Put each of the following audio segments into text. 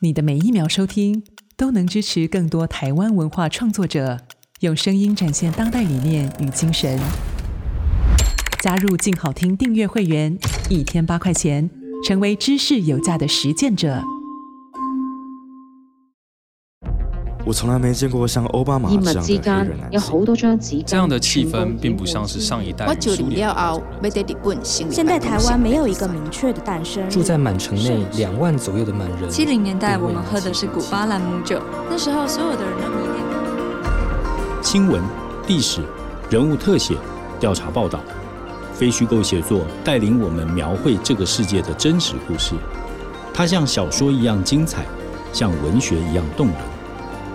你的每一秒收聽，都能支持更多台灣文化創作者，用聲音展現當代理念與精神。加入“鏡好聽”訂閱會員，一天八塊錢，成為知識有價的實踐者。我從來沒見過像歐巴馬這樣的這樣的氣氛，並不像是上一代的人。現在台灣沒有一個明確的誕生。在誕生住在滿城內是是兩萬左右的滿人。七零年代，我們喝的是古巴蘭姆酒。那時候，所有的人都迷戀。新聞、歷史、人物特寫、調查報道、非虛構寫作，帶領我們描繪這個世界的真實故事。它像小說一樣精彩，像文學一樣動人。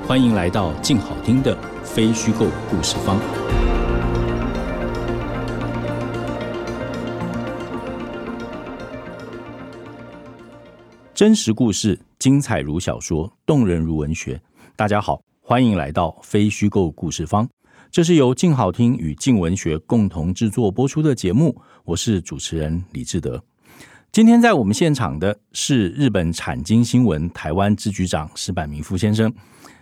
歡迎來到靜好聽的非虛構故事坊。真實故事，精彩如小說，動人如文學。大家好，歡迎來到非虛構故事坊。這是由靜好聽與靜文學共同制作播出的節目。我是主持人李志德。今天在我們現場的是日本產經新聞台灣支局長矢板明夫先生。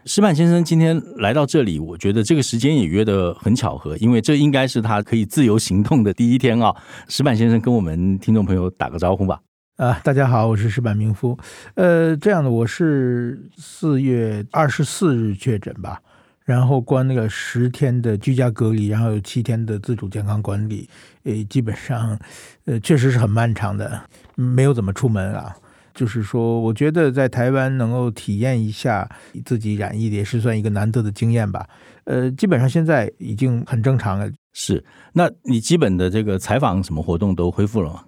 矢板先生今天來到這裡，我覺得這個時間也約得很巧合，因為這應該是他可以自由行動的第一天啊。矢板先生跟我們聽眾朋友打個招呼吧。啊、呃，大家好，我是矢板明夫。呃，這樣的，我是四月二十四日確診吧，然後關那個十天的居家隔離，然後有七天的自主健康管理。誒、呃、基本上，呃，確實是很漫長的，沒有怎麼出門啊。就是說，我覺得在台灣能夠體驗一下自己染疫的，也是算一個難得的經驗吧。呃，基本上現在已經很正常了。是，那你基本的這個採訪什麼活動都恢復了嗎？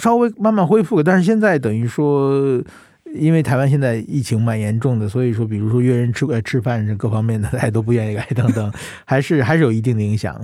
稍微慢慢恢復，但是現在等於說，因為台灣現在疫情蠻嚴重的，所以說，比如說約人吃吃飯這各方面的，大家都不願意來，等等，還是還是有一定的影響。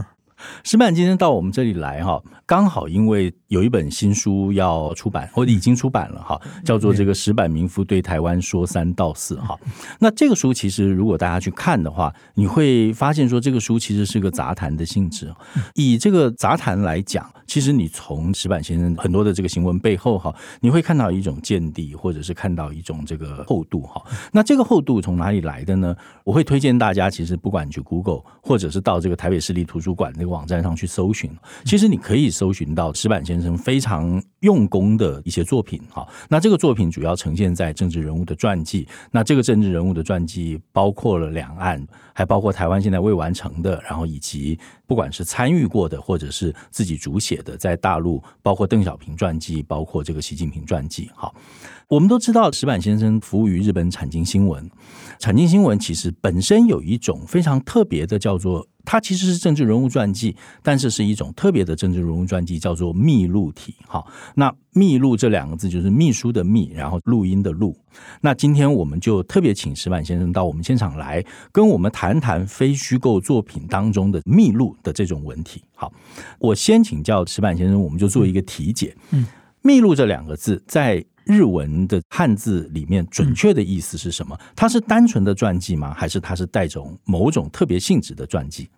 矢板今天到我們這裡來哈，剛好因為有一本新書要出版，我已經出版了哈，叫做《這個矢板明夫對台灣說三道四》哈。嗯、那這個書其實如果大家去看的話，你會發現說，這個書其實是個雜談的性質。以這個雜談來講，其實你從矢板先生很多的這個行文背後哈，你會看到一種見地，或者是看到一種這個厚度哈。那這個厚度從哪裡來的呢？我會推薦大家，其實不管去 Google，或者是到這個台北市立圖書館，網站上去搜尋，其實你可以搜尋到矢板先生非常用功的一些作品好。那這個作品主要呈現在政治人物的傳記，那這個政治人物的傳記包括了兩岸，還包括台灣現在未完成的，然後以及不管是參與過的或者是自己主寫的，在大陸包括鄧小平傳記，包括這個習近平傳記，好。我們都知道矢板先生服務於日本產經新聞，產經新聞其實本身有一種非常特別的，叫做它其實是政治人物傳記，但是是一種特別的政治人物傳記，叫做秘錄體。好，那秘錄這兩個字就是秘書的秘，然後錄音的錄。那今天我們就特別請矢板先生到我們現場來，跟我們談談非虛構作品當中的秘錄的這種文體。好，我先請教矢板先生，我們就做一個題解。嗯，秘錄這兩個字在。日文的漢字裡面準確的意思是什麼？它是單純的傳記嗎？還是它是帶著某種特別性質的傳記？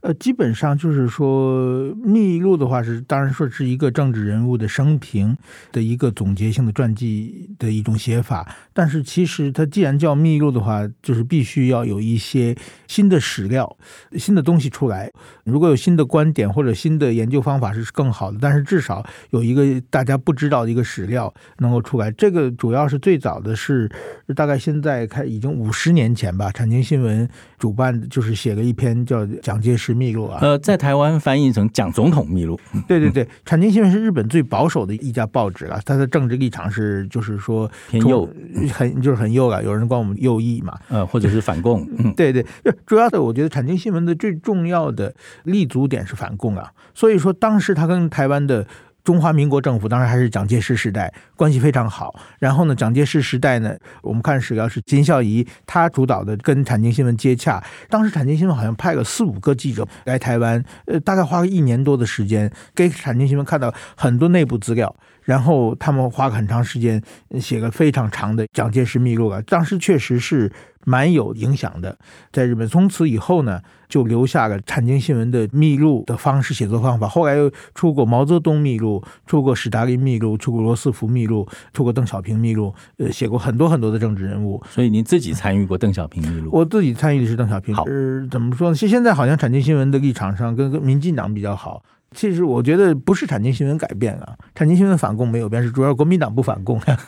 呃，基本上就是說《秘錄》的話是，當然說是一個政治人物的生平的一個總結性的傳記的一種寫法。但是其實它既然叫《秘錄》的話，就是必須要有一些新的史料、新的東西出來。如果有新的觀點或者新的研究方法是更好的，但是至少有一個大家不知道的一個史料能夠出出來，這個主要是最早的是，大概現在開已經五十年前吧。產經新聞主辦，就是寫了一篇叫《蔣介石秘錄》啊，呃，在台灣翻譯成《蔣總統秘錄》嗯。對對對，產經新聞是日本最保守的一家報紙了、啊，它的政治立場是就是說偏右，很就是很右了、啊。有人管我們右翼嘛，呃，或者是反共。嗯、對對，主要的我覺得產經新聞的最重要的立足點是反共啊，所以說當時他跟台灣的。中華民國政府當時還是蔣介石時代，關係非常好。然後呢，蔣介石時代呢，我們看史料是金孝儀他主導的跟產經新聞接洽。當時產經新聞好像派了四五個記者來台灣，呃，大概花了一年多的時間，給產經新聞看到很多內部資料。然後他們花了很長時間寫個非常長的蔣介石秘錄啊，當時確實是蠻有影響的，在日本。從此以後呢，就留下了產經新聞的秘錄的方式寫作方法。後來又出過毛澤東秘錄，出過史達林秘錄，出過羅斯福秘錄，出過鄧小平秘錄，呃，寫過很多很多的政治人物。所以您自己參與過鄧小平秘錄？我自己參與的是鄧小平。好、呃，怎麼說呢？現現在好像產經新聞的立場上跟民進黨比較好。其實我覺得不是產經新聞改變啊，產經新聞反共沒有變，是主要是國民黨不反共，啊、呵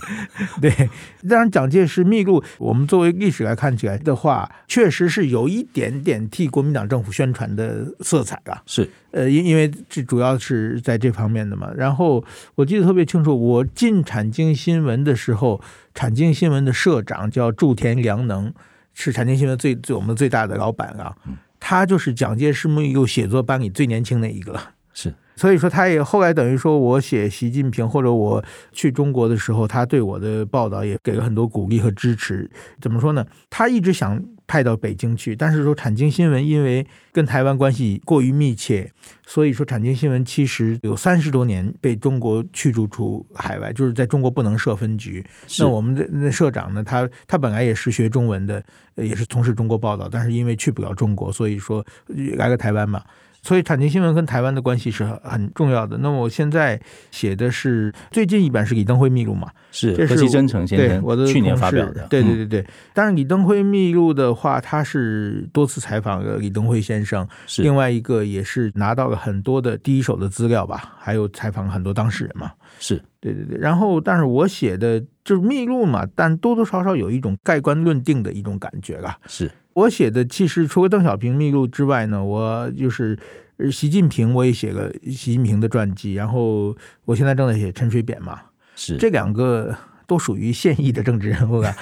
呵對，當然蔣介石秘錄，我們作為歷史來看起來的話，確實是有一點點替國民黨政府宣傳的色彩的，啊。是，呃，因因為這主要是在這方面的嘛。然後我記得特別清楚，我進產經新聞的時候，產經新聞的社長叫住田良能，是產經新聞最最我們最大的老闆啊。他就是蔣介石幕友寫作班裡最年輕的一個，是，所以說他也後來等於說，我寫習近平或者我去中國的時候，他對我的報道也給了很多鼓勵和支持。怎麼說呢？他一直想派到北京去，但是說產經新聞因為跟台灣關係過於密切，所以說產經新聞其實有三十多年被中國驅逐出海外，就是在中國不能設分局。是那我們的那社長呢，他他本來也是學中文的，也是從事中國報道，但是因為去不了中國，所以說來個台灣嘛。所以產經新聞跟台灣的關係是很很重要的。那麼我現在寫的是最近一版是李登輝秘錄嘛，是，這是我對我的去年發表的。對對對對。但是李登輝秘錄的話，他是多次採訪了李登輝先生。是，另外一個也是拿到了很多的第一手的資料吧，還有採訪很多當事人嘛。是對對對，然後但是我寫的就是秘錄嘛，但多多少少有一種蓋棺論定的一種感覺吧。是我寫的，其實除了鄧小平秘錄之外呢，我就是習近平，我也寫個習近平的傳記，然後我現在正在寫陳水扁嘛。是這兩個。都屬於現役的政治人物啊，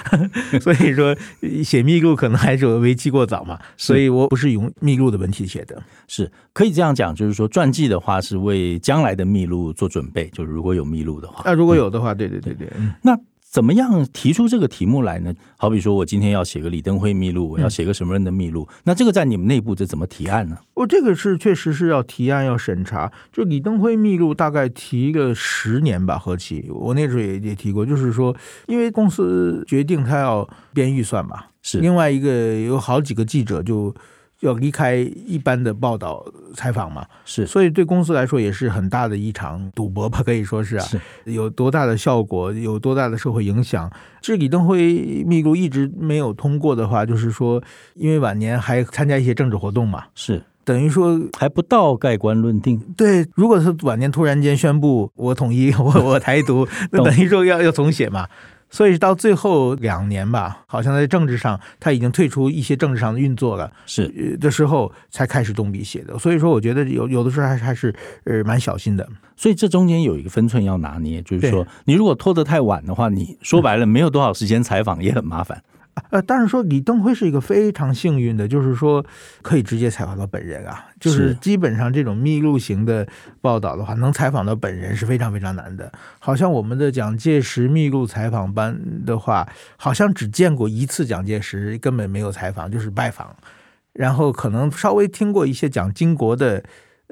所以說寫秘錄可能還是為期過早嘛，所以我不是用秘錄的文體寫的，嗯，是可以這樣講，就是說傳記的話是為將來的秘錄做準備，就是如果有秘錄的話，那、啊、如果有的話，嗯、對對對對，嗯、那。怎麼樣提出這個題目來呢？好比說我今天要寫個李登輝秘錄，我要寫個什麼人的秘錄？嗯、那這個在你們內部這怎麼提案呢？我這個是確實是要提案要審查。就李登輝秘錄大概提個十年吧，何其！我那時候也也提過，就是說，因為公司決定他要編預算嘛。是另外一個有好幾個記者就。要離開一般的報道採訪嘛？是，所以對公司來說也是很大的一場賭博吧，可以說是，啊。是，有多大的效果，有多大的社會影響？這李登輝秘錄一直沒有通過的話，就是說，因為晚年還參加一些政治活動嘛。是，等於說還不到蓋棺論定。對，如果他晚年突然間宣布我統一，我我台獨， 懂那等於說要要重寫嘛。所以到最後兩年吧，好像在政治上他已經退出一些政治上的運作了，是、呃、的時候才開始動筆寫的。所以說，我覺得有有的時候還還是呃蠻小心的。所以這中間有一個分寸要拿捏，就是說對你如果拖得太晚的話，你說白了沒有多少時間採訪，也很麻煩。嗯呃，但是說李登輝是一個非常幸運的，就是說可以直接採訪到本人啊。就是基本上這種秘錄型的報道的話，能採訪到本人是非常非常難的。好像我們的蔣介石秘錄採訪班的話，好像只見過一次蔣介石，根本沒有採訪，就是拜訪。然後可能稍微聽過一些蔣經國的。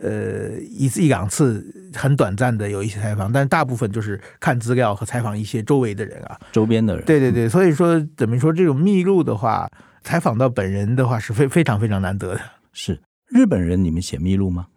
呃，一次一兩次很短暫的有一些採訪，但大部分就是看資料和採訪一些周圍的人啊，周邊的人，對對對，所以說怎麼說這種、個、秘錄的話，採訪到本人的話是非非常非常難得的。是日本人，你們寫秘錄嗎？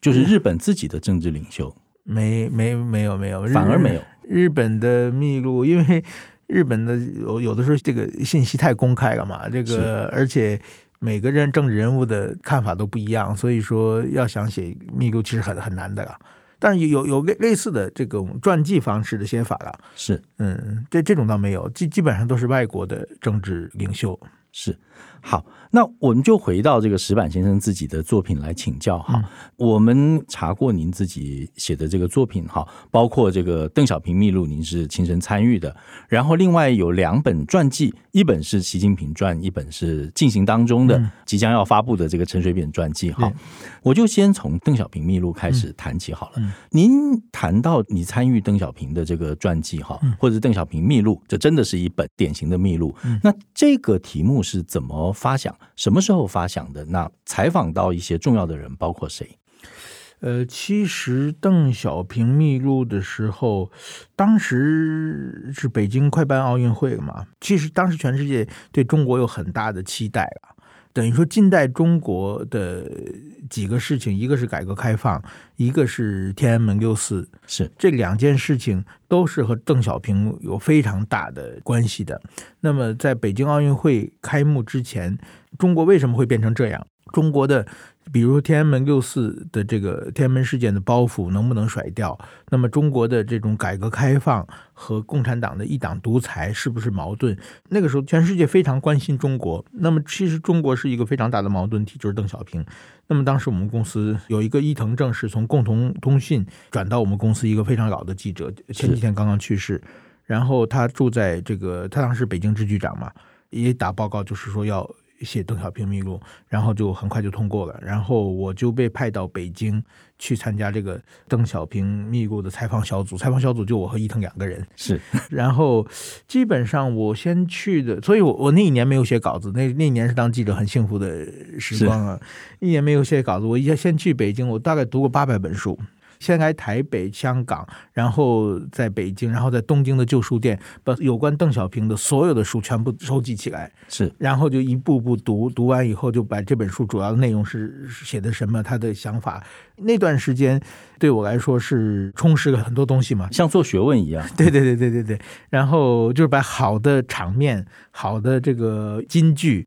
就是日本自己的政治領袖？嗯、沒沒沒有沒有，反而沒有日本的秘錄，因為日本的有有的時候這個信息太公開了嘛，這個是而且。每個人政治人物的看法都不一樣，所以說要想寫秘錄其實很很難的了。但是有有類類似的這種傳記方式的寫法了，是，嗯，這這種倒沒有，基基本上都是外國的政治領袖。是好，那我們就回到這個矢板先生自己的作品來請教哈。我們查過您自己寫的這個作品哈，包括這個《鄧小平秘錄》，您是親身參與的。然後另外有兩本傳記，一本是《習近平傳》，一本是進行當中的即將要發布的這個陳水扁傳記哈。我就先從《鄧小平秘錄》開始談起好了。您談到你參與鄧小平的這個傳記哈，或者《鄧小平秘錄》，這真的是一本典型的秘錄。那這個題目。是怎麼發想？什麼時候發想的？那採訪到一些重要的人，包括誰？呃，其實鄧小平秘錄的時候，當時是北京快辦奧運會了嘛。其實當時全世界對中國有很大的期待啊。等於說，近代中國的幾個事情，一個是改革開放，一個是天安門六四，是這兩件事情都是和鄧小平有非常大的關係的。那麼，在北京奧運會開幕之前，中國為什麼會變成這樣？中國的，比如，天安門六四的這個天安門事件的包袱能不能甩掉？那麼中國的這種改革開放和共產黨的一黨獨裁是不是矛盾？那個時候全世界非常關心中國。那麼其實中國是一個非常大的矛盾體，就是鄧小平。那麼當時我們公司有一個伊藤正，是從共同通信轉到我們公司一個非常老的記者，前幾天剛剛去世。然後他住在這個，他當時北京支局長嘛，也打報告，就是說要。寫鄧小平秘錄，然後就很快就通過了，然後我就被派到北京去參加這個鄧小平秘錄的採訪小組，採訪小組就我和伊藤兩個人是，然後基本上我先去的，所以我我那一年沒有寫稿子，那那一年是當記者很幸福的時光啊，是一年沒有寫稿子，我一下先去北京，我大概讀過八百本書。先來台北、香港，然後在北京，然後在東京的舊書店，把有關鄧小平的所有的書全部收集起來，是，然後就一步步讀，讀完以後就把這本書主要的內容是寫的什麼，他的想法。那段時間對我來說是充實了很多東西嘛，像做學問一樣。對對對對對對，然後就是把好的場面、好的這個金句。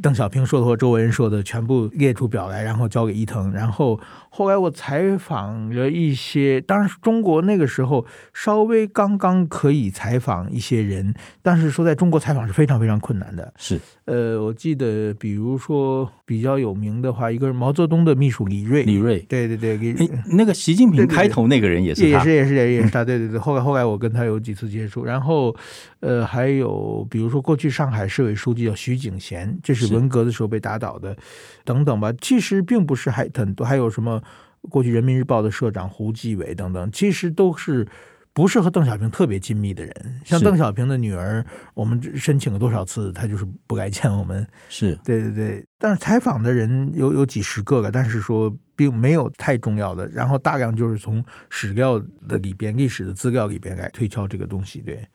鄧小平說的和周圍說的全部列出表來，然後交給伊藤。然後後來我採訪了一些，當時中國那個時候稍微剛剛可以採訪一些人，但是說在中國採訪是非常非常困難的。是，呃，我記得比如說比較有名的話，一個是毛澤東的秘書李銳，李銳，對對對、欸，那個習近平開頭那個人也是，對對也是也是也是也是也是他，嗯、對對對。後來後來我跟他有幾次接觸，然後呃，還有比如說過去上海市委書記叫徐景賢，這、就是。文革的時候被打倒的，等等吧。其實並不是還，還很多，還有什麼過去《人民日報》的社長胡績偉，等等，其實都是不是和鄧小平特別親密的人。像鄧小平的女兒，我們申請了多少次，她就是不該見我們。是。對對對，但是採訪的人有有幾十個了，但是說並沒有太重要的。然後大量就是從史料的裡邊、歷史的資料裡邊來推敲這個東西，對。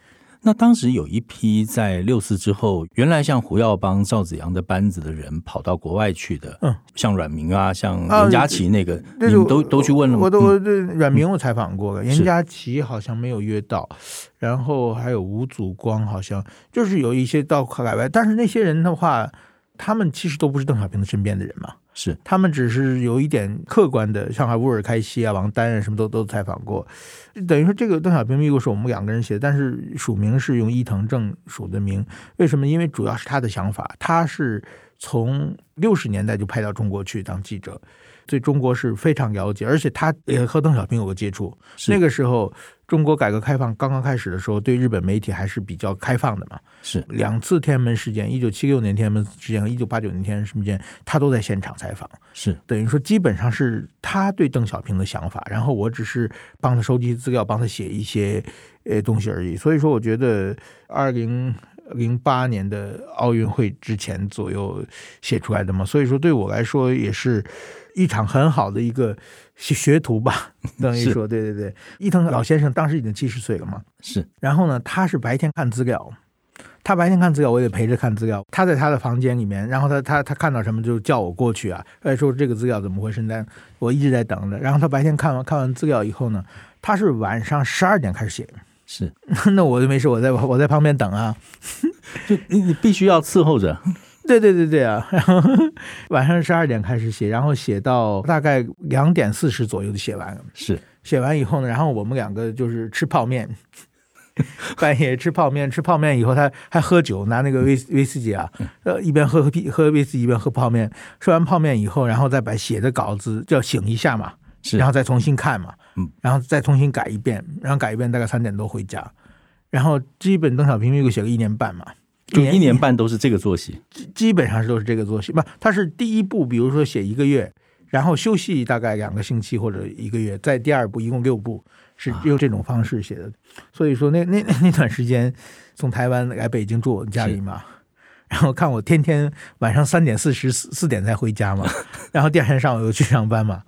那當時有一批在六四之後，原來像胡耀邦、趙紫陽的班子的人跑到國外去的，嗯，像阮明啊，像嚴家祺那個，啊、你們都、啊、都，都去問了嗎？我都阮明我採訪過了，嚴家祺好像沒有約到，是然後還有吳祖光，好像就是有一些到海外，但是那些人的話，他們其實都不是鄧小平的身邊的人嘛。是，他們只是有一點客觀的，像吾爾開希啊、王丹啊，什麼都都採訪過。等於說，這個鄧小平秘錄是我們兩個人寫的，但是署名是用伊藤正署的名。為什麼？因為主要是他的想法。他是從六十年代就派到中國去當記者，對中國是非常了解，而且他也和鄧小平有過接觸。是那個時候。中國改革開放剛剛開始的時候，對日本媒體還是比較開放的嘛，是兩次天安門事件，一九七六年天安門事件和一九八九年天安門事件，他都在現場採訪。是等於說，基本上是他對鄧小平的想法，然後我只是幫他收集資料，幫他寫一些呃東西而已。所以說，我覺得二零零八年的奧運會之前左右寫出來的嘛。所以說，對我來說也是一場很好的一個。學徒吧，等於說，是對對對，伊藤老先生當時已經七十歲了嘛，是。然後呢，他是白天看資料，他白天看資料，我也陪着看資料。他在他的房間裡面，然後他他他看到什麼就叫我過去啊，說這個資料怎麼回事呢？我一直在等着。然後他白天看完看完資料以後呢，他是晚上十二點開始寫，是。那我就沒事，我在我在旁邊等啊，是 就你你必須要伺候着。 對對對對啊！然後晚上十二點開始寫，然後寫到大概兩點四十左右就寫完了。是寫完以後呢，然後我們兩個就是吃泡麵， 半夜吃泡麵，吃泡麵以後他還喝酒，拿那個威威士忌啊，呃、嗯，一邊喝喝啤喝威士忌一邊喝泡麵。吃完泡麵以後，然後再把寫的稿子叫醒一下嘛，然後再重新看嘛，然後再重新改一遍，然後改一遍大概三點多回家，然後基本鄧小平秘錄寫個一年半嘛。就一年半都是這個作息，基本上是都是這個作息。不，他是第一部，比如說寫一個月，然後休息大概兩個星期或者一個月，再第二部，一共六部，是用這種方式寫的。啊、所以說那，那那那段時間，從台灣來北京住我家裡嘛，是然後看我天天晚上三點四十四四點才回家嘛，然後第二天上午又去上班嘛，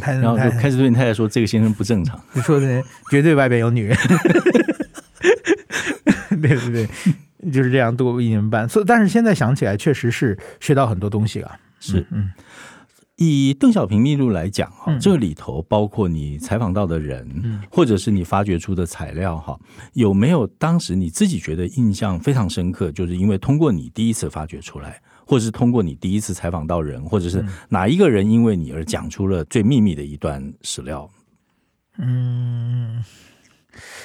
然後就開始對你太太說：“這個先生不正常。”你說的：“人絕對外邊有女人。 對”對不對。就是這樣度過一年半，所以但是現在想起來，確實是學到很多東西了。是，嗯，是，以鄧小平秘錄來講哈，這裡頭包括你採訪到的人，嗯、或者是你發掘出的材料哈，有沒有當時你自己覺得印象非常深刻，就是因為通過你第一次發掘出來，或者是通過你第一次採訪到人，或者是哪一個人因為你而講出了最秘密的一段史料？嗯。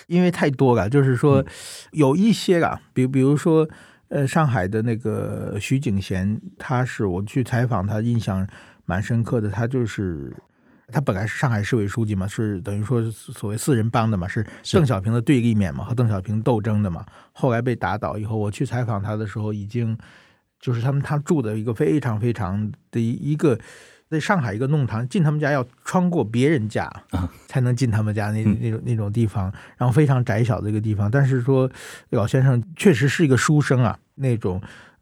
因為太多了，就是說，有一些了，比如比如說，呃，上海的那個徐景賢，他是我去採訪他，印象蠻深刻的。他就是，他本來是上海市委書記嘛，是等於說所謂四人幫的嘛，是鄧小平的對立面嘛，和鄧小平鬥爭的嘛。後來被打倒以後，我去採訪他的時候，已經就是他們他住的一個非常非常的一個。在上海一個弄堂，進他們家要穿過別人家，啊、才能進他們家那那種那種地方，然後非常窄小的一個地方。但是說老先生確實是一個書生啊，那種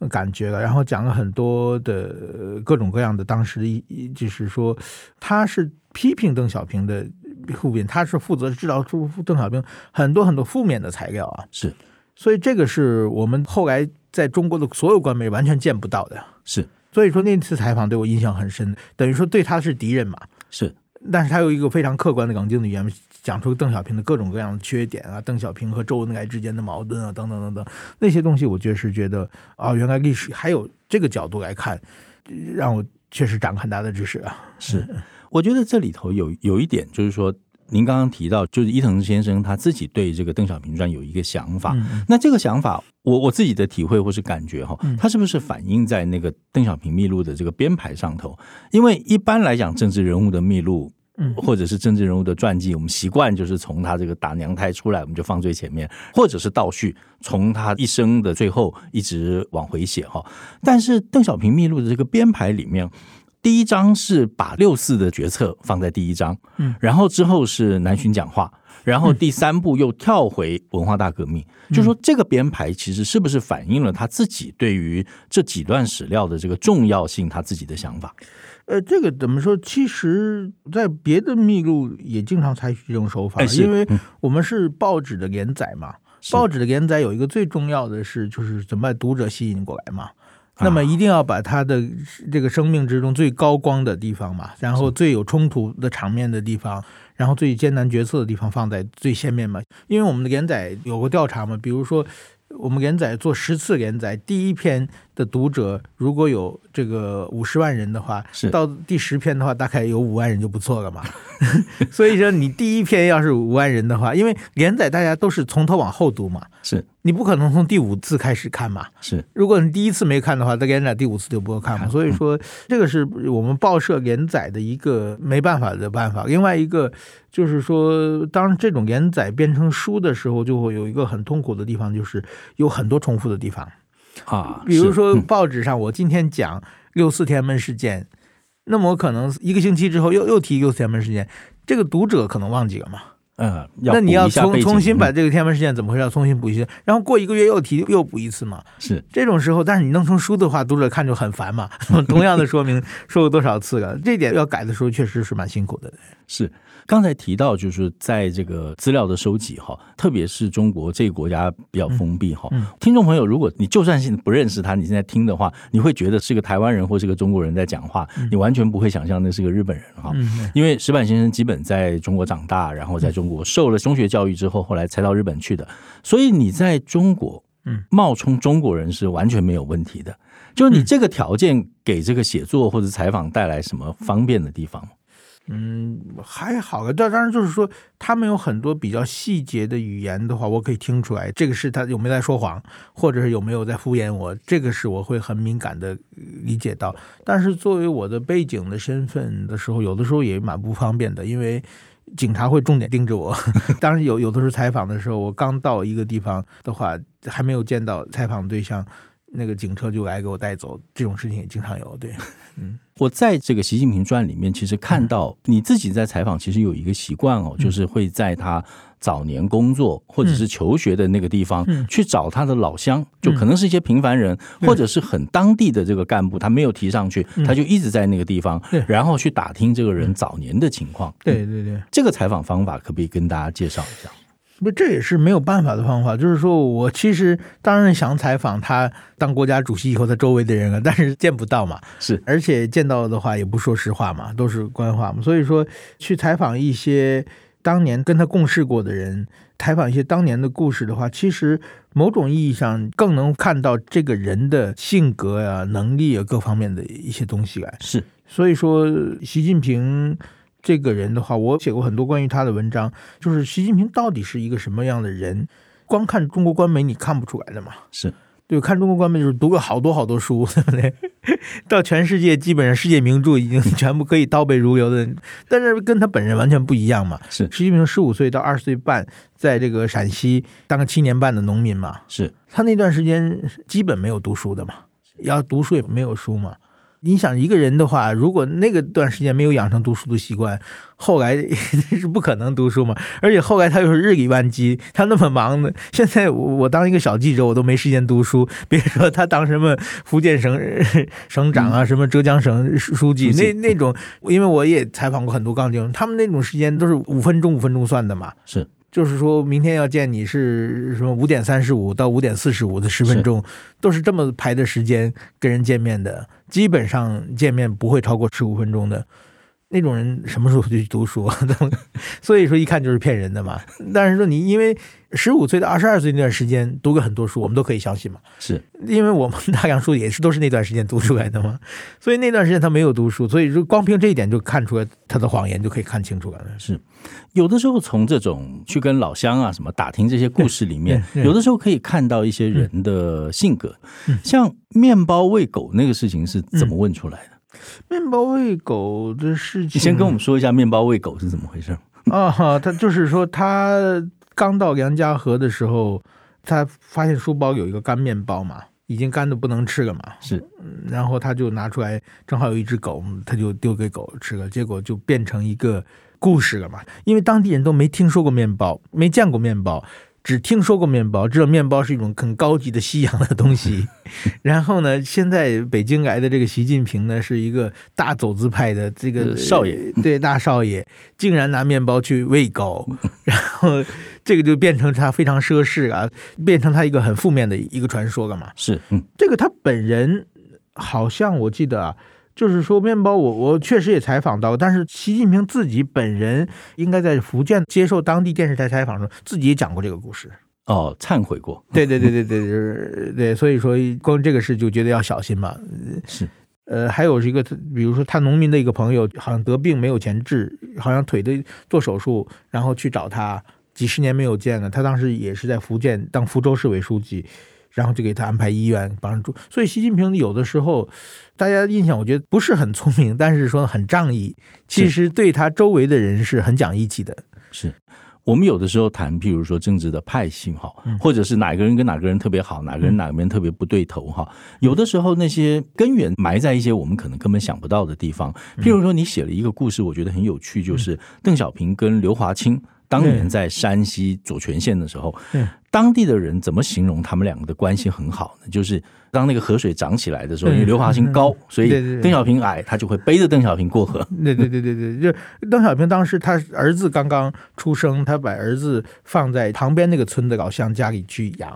感覺的。然後講了很多的各種各樣的當時的一一就是說，他是批評鄧小平的負面，他是負責製造出鄧小平很多很多負面的材料啊。是，所以這個是我們後來在中國的所有官媒完全見不到的。是。所以說那次採訪對我印象很深，等於說，對他是敵人嘛。是，但是他有一個非常客觀的、冷靜的語言，講出鄧小平的各種各樣的缺點啊，鄧小平和周恩來之間的矛盾啊，等等等等，那些東西，我就是覺得啊、哦，原來歷史還有這個角度來看，讓我確實長很大的知識啊。是，嗯、我覺得這裡頭有有一點，就是說。您剛剛提到，就是伊藤先生他自己對這個鄧小平傳有一個想法。嗯、那這個想法，我我自己的體會或是感覺哈，他是不是反映在那個鄧小平秘錄的這個編排上頭？因為一般來講，政治人物的秘錄，嗯，或者是政治人物的傳記，嗯、我們習慣就是從他這個打娘胎出來，我們就放最前面，或者是倒敘，從他一生的最後一直往回寫哈。但是鄧小平秘錄的這個編排裡面。第一章是把六四的決策放在第一章，嗯，然後之後是南巡講話，然後第三步又跳回文化大革命，嗯、就是說這個編排其實是不是反映了他自己對於這幾段史料的這個重要性，他自己的想法？呃，這個怎麼說？其實，在別的秘錄也經常採取這種手法，哎、因為我們是報紙的連載嘛，是報紙的連載有一個最重要的是，就是怎麼把讀者吸引過來嘛。那麼一定要把他的這個生命之中最高光的地方嘛，然後最有衝突的場面的地方，然後最艱難決策的地方放在最前面嘛。因為我們的連載有過調查嘛，比如說我們連載做十次連載，第一篇的讀者如果有這個五十萬人的話，到第十篇的話，大概有五萬人就不錯了嘛。是 所以說你第一篇要是五萬人的話，因為連載大家都是從頭往後讀嘛，是。你不可能從第五次開始看嘛？是，如果你第一次沒看的話，再是連載第五次就不會看了。所以說，這個是我們報社連載的一個沒辦法的辦法。另外一個就是說，當這種連載變成書的時候，就會有一個很痛苦的地方，就是有很多重複的地方啊。比如說報紙上，嗯、我今天講六四天安門事件，那麼我可能一個星期之後又又提六四天安門事件，這個讀者可能忘記了嘛？嗯，要補一次，那你要重重新把這個天文事件怎麼回事？要重新補一次，嗯、然後過一個月又提又補一次嘛。是這種時候，但是你弄成書的話，讀者看就很煩嘛。同樣的說明 說過多少次了？這點要改的時候，確實是蠻辛苦的。是。剛才提到就是在這個資料的收集哈，特別是中國這個國家比較封閉哈。嗯嗯、聽眾朋友，如果你就算是不認識他，你現在聽的話，你會覺得是個台灣人或是個中國人在講話，你完全不會想象那是個日本人哈。嗯、因為矢板先生基本在中國長大，然後在中國受了中學教育之後，後來才到日本去的，所以你在中國，嗯，冒充中國人是完全沒有問題的。就你這個條件，給這個寫作或者採訪帶來什麼方便的地方？嗯，還好啊。這當然就是說，他們有很多比較細節的語言的話，我可以聽出來，這個是他有沒有在說謊，或者是有沒有在敷衍我，這個是我會很敏感的理解到。但是作為我的背景的身份的時候，有的時候也蠻不方便的，因為警察會重點盯着我。當然有，有的時候採訪的時候，我剛到一個地方的話，還沒有見到採訪對象。那個警車就來給我帶走，這種事情也經常有。對，嗯，我在這個《習近平傳》裡面，其實看到你自己在採訪，其實有一個習慣哦，嗯、就是會在他早年工作或者是求學的那個地方去找他的老鄉，嗯、就可能是一些平凡人，嗯、或者是很當地的這個幹部，他沒有提上去，嗯、他就一直在那個地方，嗯、然後去打聽這個人早年的情況。嗯嗯、對對對，這個採訪方法可不可以跟大家介紹一下？不，這也是沒有辦法的方法。就是說我其實當然想採訪他當國家主席以後他周圍的人了，但是見不到嘛。是，而且見到的話也不說實話嘛，都是官話嘛。所以說，去採訪一些當年跟他共事過的人，採訪一些當年的故事的話，其實某種意義上更能看到這個人的性格呀、啊、能力啊各方面的一些東西來、啊。是，所以說習近平。這個人的話，我寫過很多關於他的文章。就是習近平到底是一個什麼樣的人？光看中國官媒，你看不出來的嘛。是，對，看中國官媒就是讀過好多好多書，對不對？到全世界，基本上世界名著已經全部可以倒背如流的。但是跟他本人完全不一樣嘛。是，習近平十五歲到二十歲半，在這個陝西當了七年半的農民嘛。是，他那段時間基本沒有讀書的嘛，要讀書也沒有書嘛。你想一個人的話，如果那個段時間沒有養成讀書的習慣，後來也是不可能讀書嘛。而且後來他又是日理萬機，他那麼忙的。現在我當一個小記者，我都沒時間讀書，別說他當什麼福建省省長啊，什麼浙江省書記、嗯、那那種，因為我也採訪過很多槓精，他們那種時間都是五分鐘五分鐘算的嘛。是。就是說，明天要見你是什麼五點三十五到五點四十五的十分鐘，是都是這麼排的時間跟人見面的，基本上見面不會超過十五分鐘的。那種人什麼時候去讀書？ 所以說一看就是騙人的嘛。但是說，你因為十五歲到二十二歲那段時間讀過很多書，我們都可以相信嘛。是因為我們大量書也是都是那段時間讀出來的嘛。所以那段時間他沒有讀書，所以就光憑這一點就看出來他的謊言，就可以看清楚了。是有的時候從這種去跟老鄉啊什麼打聽這些故事裡面，有的時候可以看到一些人的性格。嗯、像麵包餵狗那個事情是怎麼問出來的？嗯麵包餵狗的事情，你先跟我們說一下麵包餵狗是怎麼回事？哦，哈他就是說他剛到梁家河的時候，他發現書包有一個乾麵包嘛，已經乾的不能吃了嘛，是，然後他就拿出來，正好有一隻狗，他就丟給狗吃了，結果就變成一個故事了嘛，因為當地人都沒聽說過麵包，沒見過麵包。只聽說過麵包，知道麵包是一種很高級的西洋的東西。然後呢，現在北京來的這個習近平呢，是一個大走資派的這個少爺，對大少爺竟然拿麵包去餵狗，然後這個就變成他非常奢侈啊，變成他一個很負面的一個傳說了嘛。是，嗯，這個他本人好像我記得啊。就是說，麵包我，我我確實也採訪到，但是習近平自己本人應該在福建接受當地電視台採訪的時候，自己也講過這個故事，哦，懺悔過，對對對對、就是、對對所以說關於這個事就覺得要小心嘛，是，呃，還有一個，比如說他農民的一個朋友，好像得病沒有錢治，好像腿都做手術，然後去找他，幾十年沒有見了，他當時也是在福建當福州市委書記。然後就給他安排醫院幫助，所以習近平有的時候，大家的印象我覺得不是很聰明，但是說很仗義，其實對他周圍的人是很講義氣的。是，是，我們有的時候談，比如說政治的派性哈，或者是哪個人跟哪個人特別好，哪個人哪個人特別不對頭哈，有的時候那些根源埋在一些我們可能根本想不到的地方。譬如說，你寫了一個故事，我覺得很有趣，就是鄧小平跟劉華清。當年在山西左權縣的時候，嗯、當地的人怎麼形容他們兩個的關係很好呢？就是當那個河水漲起來的時候，嗯、因為劉華清高，嗯、所以鄧小平矮，嗯、他就會背着鄧小平過河。對對對對對，就鄧小平當時他兒子剛剛出生，他把兒子放在旁邊那個村子老鄉家裡去養。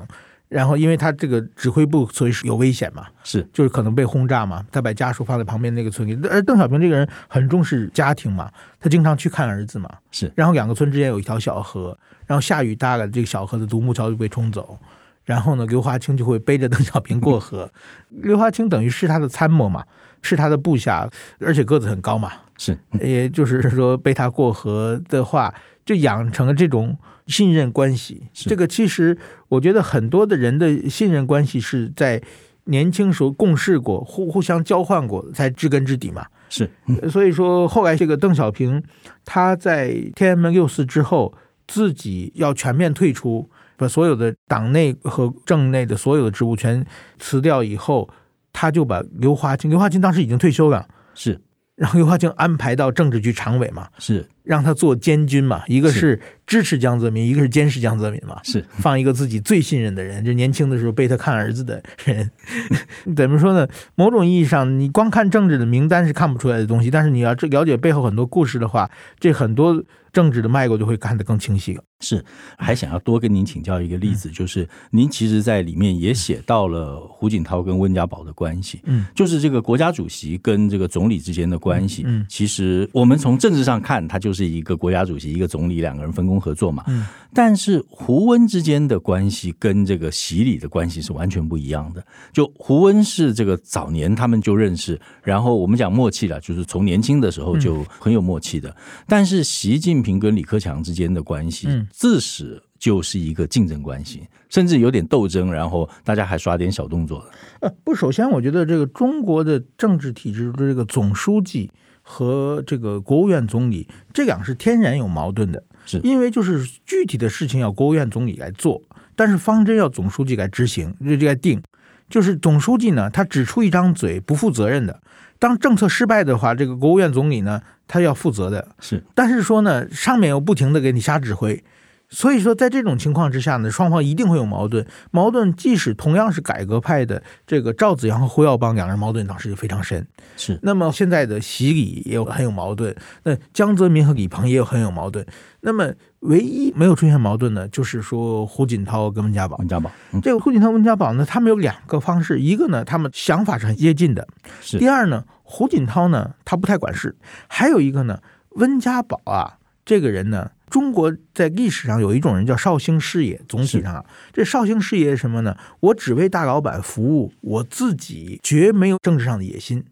然後，因為他這個指揮部所以有危險嘛，是就是可能被轟炸嘛。他把家屬放在旁邊那個村裡，而鄧小平這個人很重視家庭嘛，他經常去看兒子嘛。是，然後兩個村之間有一條小河，然後下雨大了，這個小河的獨木橋就被沖走。然後呢，劉華清就會背着鄧小平過河，劉華清等於是他的參謀嘛，是他的部下，而且個子很高嘛，是，也就是說背他過河的話，就養成了這種信任關係。是 這個其實我覺得很多的人的信任關係是在年輕時候共事過、互互相交換過才知根知底嘛。是，所以說後來這個鄧小平他在天安門六四之後自己要全面退出。把所有的黨內和政內的所有的職務全辭掉以後，他就把劉華清，劉華清當時已經退休了，是，然後劉華清安排到政治局常委嘛，是，讓他做監軍嘛，一個是支持江澤民，是一個是監視江澤民嘛，是，放一個自己最信任的人，就年輕的時候被他看兒子的人， 怎麼說呢？某種意義上，你光看政治的名單是看不出來的東西，但是你要這了解背後很多故事的話，這很多。政治的脈絡就會看得更清晰了。是，還想要多跟您請教一個例子，嗯、就是您其實在裡面也寫到了胡錦濤跟溫家寶的關係，嗯，就是這個國家主席跟這個總理之間的關係。嗯，其實我們從政治上看，他就是一個國家主席、一個總理，兩個人分工合作嘛。嗯，但是胡溫之間的關係跟這個習李的關係是完全不一樣的。就胡溫是這個早年他們就認識，然後我們講默契了，就是從年輕的時候就很有默契的。嗯、但是習近平。跟李克強之間的關係，自始就是一個競爭關係，甚至有點鬥爭，然後大家還耍點小動作。呃，不，首先我覺得這個中國的政治體制的這個總書記和這個國務院總理，這兩個是天然有矛盾的，是因為就是具體的事情要國務院總理來做，但是方針要總書記來執行，就來定。就是總書記呢，他只出一張嘴，不負責任的。當政策失敗的話，這個國務院總理呢，他要負責的。是，但是說呢，上面又不停的給你瞎指揮。所以說，在這種情況之下呢，雙方一定會有矛盾。矛盾即使同樣是改革派的這個趙紫陽和胡耀邦，兩人矛盾當時就非常深。是，那麼現在的習李也有很有矛盾。那江澤民和李鵬也有很有矛盾。那麼唯一沒有出現矛盾的，就是說胡錦濤跟溫家寶。溫家寶，嗯、這個胡錦濤、溫家寶呢，他們有兩個方式：一個呢，他們想法是很接近的；是，第二呢，胡錦濤呢，他不太管事。還有一個呢，溫家寶啊，這個人呢。中國在歷史上有一種人叫紹興師爺，總體上啊，是這紹興師爺是什麼呢？我只為大老板服務，我自己絕沒有政治上的野心。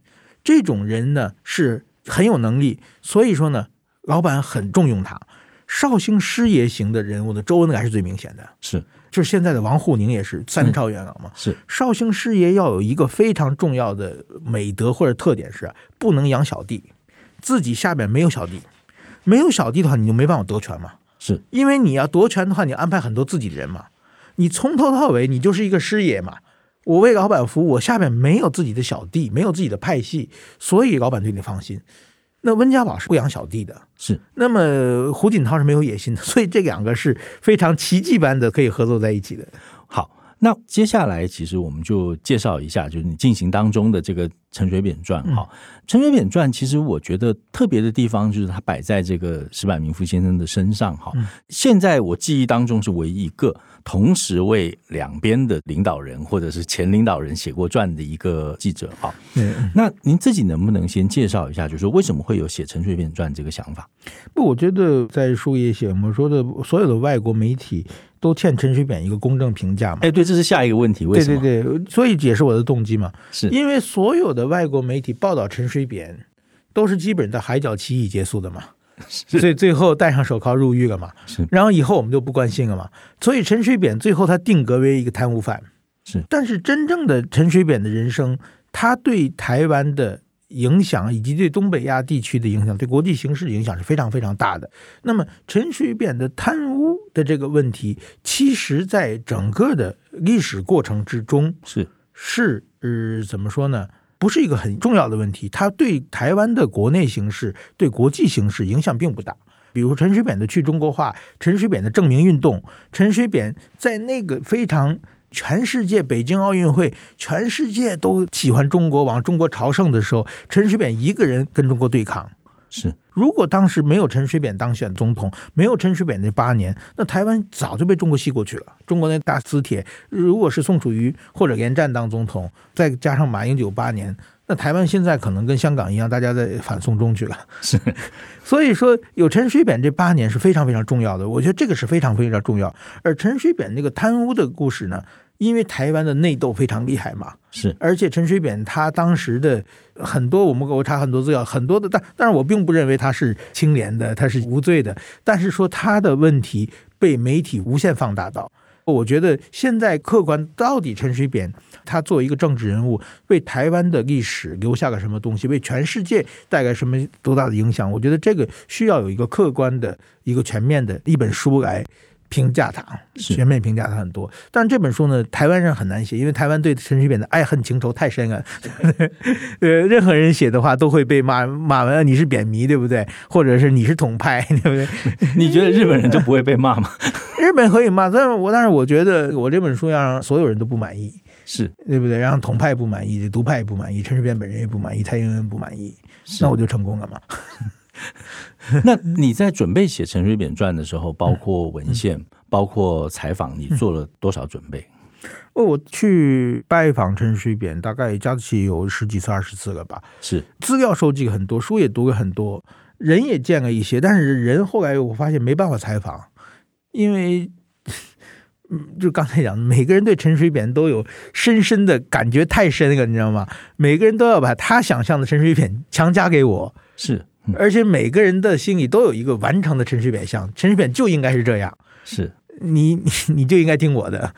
這種人呢是很有能力，所以說呢，老板很重用他。紹興師爺型的人物呢，的周恩來是最明顯的，是，就是現在的王滬寧也是三朝元老嘛。是，是紹興師爺要有一個非常重要的美德或者特點是、啊、不能養小弟，自己下邊沒有小弟。沒有小弟的話，你就沒辦法奪權嘛。是因為你要奪權的話，你安排很多自己的人嘛。你從頭到尾，你就是一個師爺嘛。我為老板服務，我下面沒有自己的小弟，沒有自己的派系，所以老板對你放心。那溫家寶是不養小弟的，是。那麼胡錦濤是沒有野心的，所以這兩個是非常奇蹟般的可以合作在一起的。那接下來，其實我們就介紹一下，就是你進行當中的這個《陳水扁傳、嗯》哈，《陳水扁傳》其實我覺得特別的地方就是它擺在這個矢板明夫先生的身上哈、嗯。現在我記憶當中是唯一一個同時為兩邊的領導人或者是前領導人寫過傳的一個記者哈、嗯。那您自己能不能先介紹一下，就是為什麼會有寫《陳水扁傳》這個想法？不，我覺得在書也寫我們說的所有的外國媒體。都欠陳水扁一個公正評價嘛。哎，對，這是下一個問題。為什麼？對對對，所以也是我的動機嘛。是，因為所有的外國媒體報道陳水扁，都是基本的海角七億結束的嘛。是所以最後戴上手銬入獄了嘛。是然後以後我們就不關心了嘛。所以陳水扁最後他定格為一個貪污犯。是，但是真正的陳水扁的人生，他對台灣的。影響以及對東北亞地區的影響，對國際形勢影響是非常非常大的。那麼，陳水扁的貪污的這個問題，其實，在整個的歷史過程之中是，是是呃怎麼說呢？不是一個很重要的問題。他對台灣的國內形勢、對國際形勢影響並不大。比如，陳水扁的去中國化，陳水扁的正名運動，陳水扁在那個非常。全世界北京奧運會，全世界都喜歡中國，往中國朝聖的時候，陳水扁一個人跟中國對抗。是，如果當時沒有陳水扁當選總統，沒有陳水扁那八年，那台灣早就被中國吸過去了。中國那大磁鐵，如果是宋楚瑜或者連戰當總統，再加上馬英九八年，那台灣現在可能跟香港一樣，大家在反送中去了。是，所以說有陳水扁這八年是非常非常重要的，我覺得這個是非常非常重要。而陳水扁那個貪污的故事呢？因為台灣的內鬥非常厲害嘛，是，而且陳水扁他當時的很多，我們給我查很多資料，很多的，但但是我並不認為他是清廉的，他是無罪的，但是說他的問題被媒體無限放大到，我覺得現在客觀到底陳水扁他作為一個政治人物，為台灣的歷史留下了什麼東西，為全世界帶來什麼多大的影響，我覺得這個需要有一個客觀的一個全面的一本書來。評價他，全面評價他很多。是。但是這本書呢，台灣人很難寫，因為台灣對陳水扁的愛恨情仇太深了、啊。呃是， 任何人寫的話都會被罵，罵完，你是扁迷對不對？或者是你是統派對不對？你覺得日本人就不會被罵嗎？ 日本可以罵，但是我但是我覺得我這本書要讓所有人都不滿意，是對不對？然後統派不滿意，獨派也不滿意，陳水扁本人也不滿意，蔡英文不滿意，是那我就成功了嘛。 那你在準備寫《陳水扁傳》的時候，包括文獻、嗯嗯、包括採訪，你做了多少準備？我去拜訪陳水扁，大概加起來有十幾次、二十次了吧。是資料收集很多，書也讀了很多，人也見了一些。但是人後來我發現沒辦法採訪，因為嗯，就剛才講，每個人對陳水扁都有深深的感覺，太深了，你知道嗎？每個人都要把他想象的陳水扁強加給我，是。而且每個人的心裡都有一個完整的陳水扁像，陳水扁就應該是這樣。是你，你，你就應該聽我的。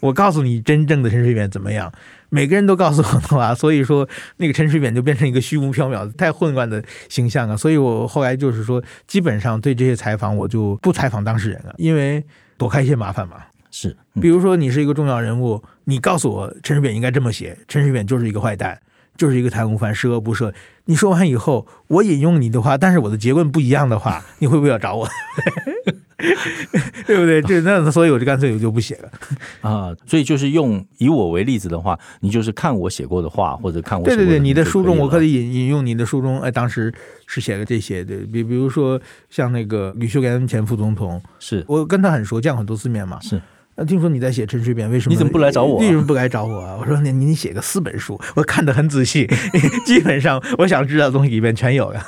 我告訴你，真正的陳水扁怎麼樣？每個人都告訴我的話，所以說那個陳水扁就變成一個虛無縹緲、太混亂的形象啊。所以我後來就是說，基本上對這些採訪，我就不採訪當事人了，因為躲開一些麻煩嘛。是，比如說你是一個重要人物，你告訴我陳水扁應該這麼寫，陳水扁就是一個壞蛋。就是一個貪污犯，十惡不赦。你說完以後，我引用你的話，但是我的結論不一樣的話，你會不會要找我？ 對不對？這那所以我就乾脆我就不寫了。啊、呃，所以就是用以我為例子的話，你就是看我寫過的話，或者看我寫過的話。對對對，你的書中我可以引引用你的書中，哎，當時是寫的這些，的，比比如說像那個呂秀蓮前副總統，是我跟他很熟，見過很多次面嘛。是。聽說你在寫陳水扁，為什麼？你怎麼不來找我，啊？為什麼不來找我啊？我說你，你你寫個四本書，我看得很仔細，基本上我想知道的東西裡面全有呀。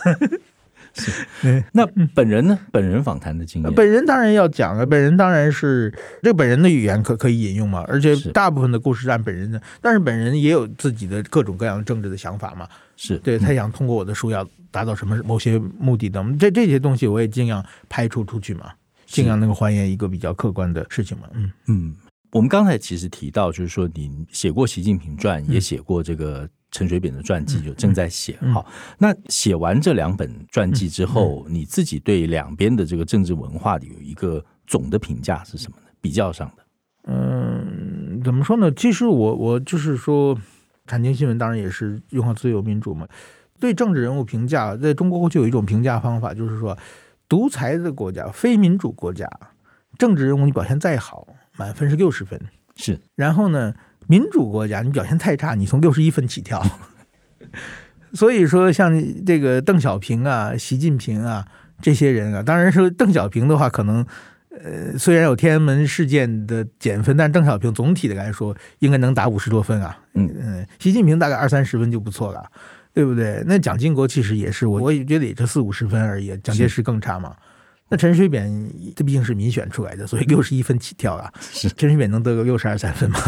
那本人呢？本人訪談的經驗，嗯、本人當然要講了。本人當然是這本人的語言可可以引用嘛，而且大部分的故事是按本人的，但是本人也有自己的各種各樣的政治的想法嘛。是，對他想通過我的書要達到什麼某些目的等，這這些東西我也盡量排除出，出去嘛。盡量能夠還原一個比較客觀的事情嘛。嗯嗯，嗯我們剛才其實提到，就是說你寫過《習近平傳》，也寫過這個陳水扁的傳記，就正在寫哈、嗯哦。 那寫完這兩本傳記之後，你自己對兩邊的這個政治文化的有一個總的評價是什麼呢？嗯嗯比較上的，嗯，怎麼說呢？其實我我就是說，《產經新聞》當然也是擁抱自由民主嘛。對政治人物評價，在中國過去有一種評價方法，就是說。獨裁的國家、非民主國家，政治人物你表現再好，滿分是六十分，是。然後呢，民主國家你表現太差，你從六十一分起跳。 所以說，像這個鄧小平啊、習近平啊這些人啊，當然說鄧小平的話，可能呃雖然有天安門事件的減分，但鄧小平總體的來說應該能打五十多分啊。嗯嗯，習近平大概二三十分就不錯了。對不對？那蔣經國其實也是我，我也覺得也就四五十分而已。蔣介石更差嘛。是那陳水扁這畢竟是民選出來的，所以六十一分起跳啊。是，陳水扁能得個六十二三分嗎？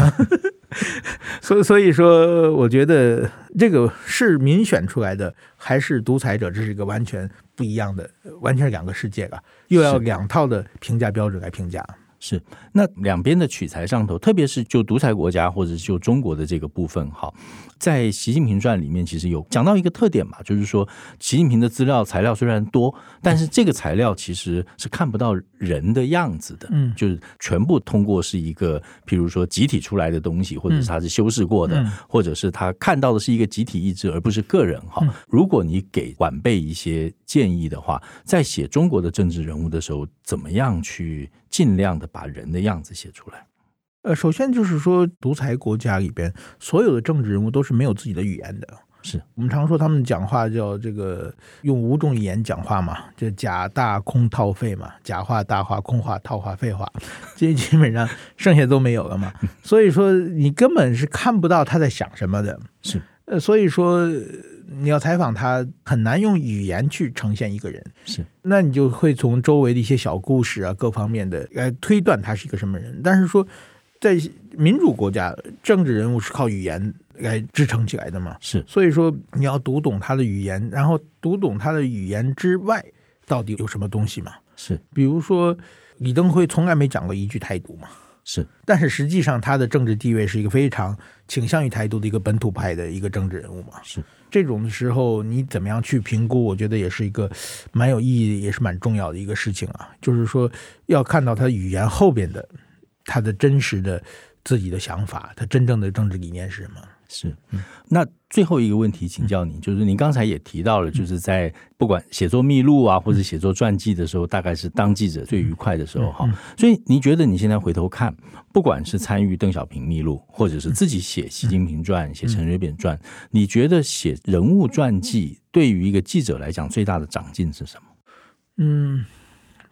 所 以所以說，我覺得這個是民選出來的，還是獨裁者，這是一個完全不一樣的，完全兩個世界啊。又要兩套的評價標準來評價。是。是那兩邊的取材上頭，特別是就獨裁國家或者就中國的這個部分哈，在《習近平傳》裡面其實有講到一個特點吧，就是說習近平的資料材料雖然多，但是這個材料其實是看不到人的樣子的，嗯，就是全部通過是一個譬如說集體出來的東西，或者是他是修飾過的，嗯嗯、或者是他看到的是一個集體意志而不是個人哈。如果你給晚輩一些建議的話，在寫中國的政治人物的時候，怎麼樣去盡量的把人的。樣子寫出來，呃，首先就是說，獨裁國家裡邊所有的政治人物都是沒有自己的語言的。是，我們常說他們講話叫這個用五種語言講話嘛，就假大空套廢嘛，假話大話空話套話廢話，這基本上剩下都沒有了嘛。 所以說你根本是看不到他在想什麼的。是，呃，所以說。你要採訪他，很難用語言去呈現一個人，是，那你就會從周圍的一些小故事啊，各方面的來推斷他是一個什麼人。但是說，在民主國家，政治人物是靠語言來支撐起來的嘛，是，所以說你要讀懂他的語言，然後讀懂他的語言之外到底有什麼東西嘛，是，比如說李登輝從來沒講過一句台獨嘛。是，但是實際上他的政治地位是一個非常傾向於台獨的一個本土派的一個政治人物嘛。是，這種的時候你怎麼樣去評估？我覺得也是一個蠻有意義的，也是蠻重要的一個事情啊。就是說，要看到他語言後邊的他的真實的自己的想法，他真正的政治理念是什麼。是,那最後一個問題，請教你,就是您剛才也提到了，就是在不管寫作秘錄啊，或者寫作傳記的時候，大概是當記者最愉快的時候哈。嗯、所以，你覺得你現在回頭看，不管是參與鄧小平秘錄，或者是自己寫習近平傳、寫陳水扁傳，你覺得寫人物傳記對於一個記者來講，最大的長進是什麼？嗯。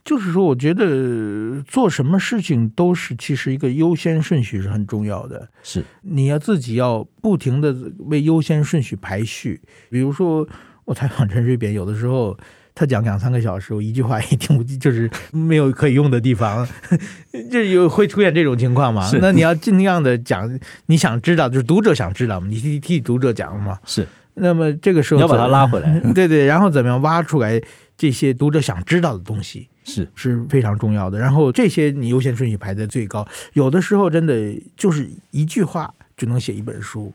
就是說，我覺得做什麼事情都是其實一個優先順序是很重要的，是你要自己要不停的為優先順序排序。比如說，我採訪陳水扁，有的時候他講兩三個小時，我一句話也聽不，就是沒有可以用的地方， 就有會出現這種情況嘛？是那你要儘量的講你想知道，就是讀者想知道，你替替讀者講了嘛。是。那麼這個時候你要把他拉回來， 對對，然後怎麼樣挖出來？這些讀者想知道的東西是是非常重要的。是然後這些你優先順序排在最高。有的時候真的就是一句話就能寫一本書，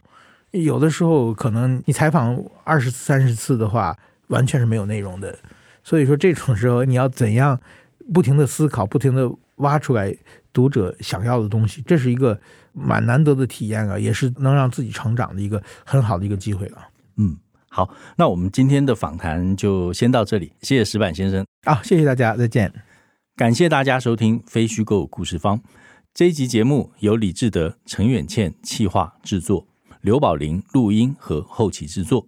有的時候可能你採訪二十三十次的話，完全是沒有內容的。所以說這種時候你要怎樣不停地思考，不停地挖出來讀者想要的東西，這是一個蠻難得的體驗啊，也是能讓自己成長的一個很好的一個機會了，啊。嗯。好，那我們今天的訪談就先到這裡。謝謝矢板先生啊、哦，謝謝大家，再見。感謝大家收聽《非虛構故事坊》這一集節目，由李志德、陳遠倩企劃制作，劉寶林錄音和後期制作。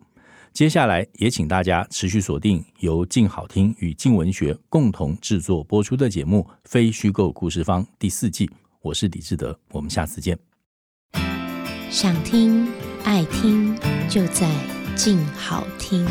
接下來也請大家持續鎖定由靜好聽與靜文學共同制作播出的節目《非虛構故事坊》第四季。我是李志德，我們下次見。想聽愛聽就在。靜好聽。